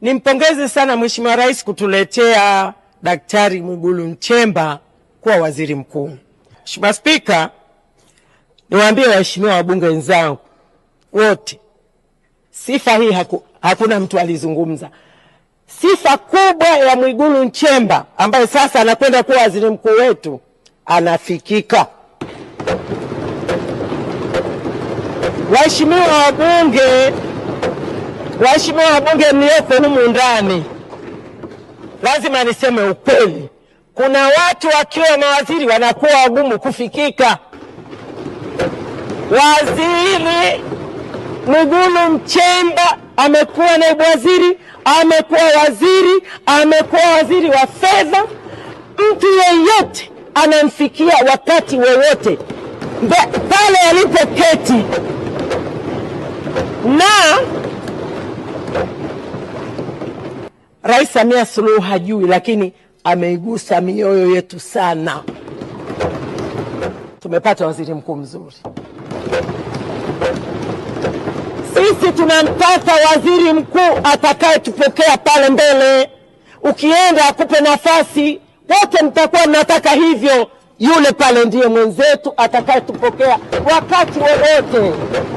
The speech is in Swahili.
Nimpongeze sana Mheshimiwa Rais kutuletea Daktari Mwigulu Nchemba kuwa waziri mkuu. Mheshimiwa Spika, niwaambie waheshimiwa wabunge wenzangu wote, sifa hii haku, hakuna mtu alizungumza. Sifa kubwa ya Mwigulu Nchemba ambaye sasa anakwenda kuwa waziri mkuu wetu, anafikika. Waheshimiwa wabunge Waheshimiwa wabunge mliopo humu ndani, lazima niseme ukweli. Kuna watu wakiwa mawaziri wanakuwa wagumu kufikika. Waziri Mwigulu Nchemba amekuwa naibu waziri, amekuwa waziri, amekuwa waziri wa fedha. Mtu yeyote anamfikia wakati wowote pale alipoketi Rais Samia Suluhu hajui, lakini ameigusa mioyo yetu sana. Tumepata waziri mkuu mzuri, sisi tunampata waziri mkuu atakayetupokea pale mbele. Ukienda akupe nafasi, wote mtakuwa mnataka hivyo. Yule pale ndiye mwenzetu atakayetupokea wakati wowote.